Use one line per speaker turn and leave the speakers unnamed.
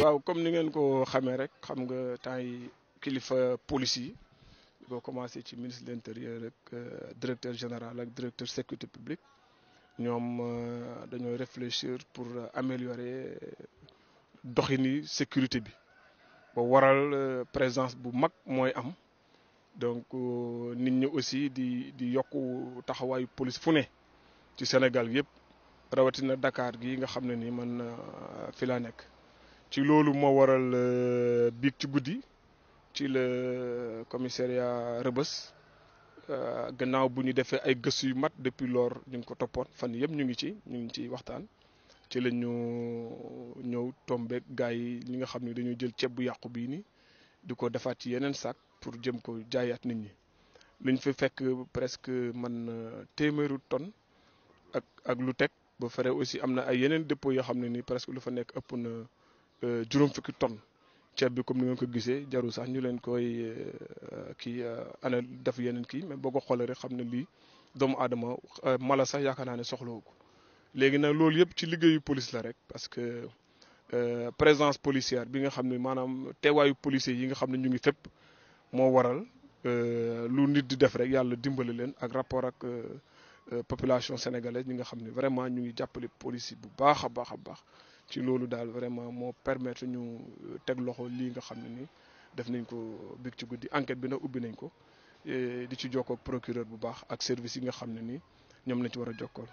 comme ni ngeen ko xamee rek xam nga temps yi kilifa police yi ministre de l'intérieur ak euh, directeur général ak directeur sécurité publique Nous euh, avons réfléchir pour améliorer la sécurité bi ba waral euh, présence bu mag mooy am donc nit ñi aussi di di yokku taxawaayu police fu ci Sénégal Nous rawatina Dakar gi nga xam ne ni man fi laa nekk ci lolu mo waral cile euh, ci goudi ci le commissariat rebeus euh, gannaaw buñu ñu ay geussu yu mat depuis lor ñu ko topone fan yëm ñu ngi ci ñu ngi ci waxtaan ci lañu ñew tombé gaay gars yi nga xamni dañu jël bu yaqku bi ni diko defaat ci yeneen sac pour jëm ko jaayat nit ñi liñ fi fekk presque man euh, téméru ton ak ak lu tek ba fere aussi amna ay yenen dépôt yo xamni ni presque lu fa nek ëpp na Euh, juróom fukki tonnes ceeb bi comme ni nga ko gisee jarul sax ñu leen koy euh, kii euh, ana def yeneen kii mais boo ko xoolee rek xam ne lii doomu adama mala sax yaakaar naa ne soxlawu ko léegi nag loolu yëpp ci liggéeyu police la rek parce que présence policière bi nga xam ne maanaam teewaayu policier yi nga xam ne ñu ngi fépp moo waral lu nit di def rek yàlla dimbali leen ak rapport ak population sénégalaise ñi nga xam ne vraiment ñu ngi jàppale police bu baax a baax a baax ci loolu daal vraiment moo permettre ñu euh, teg loxo lii nga xam ne ni def nañ ko big ci guddi enquête bi nag ubbi nañ ko di ci jokkoo procureur bu baax ak service yi nga xam ne ni ñoom lañ ci war a jokkool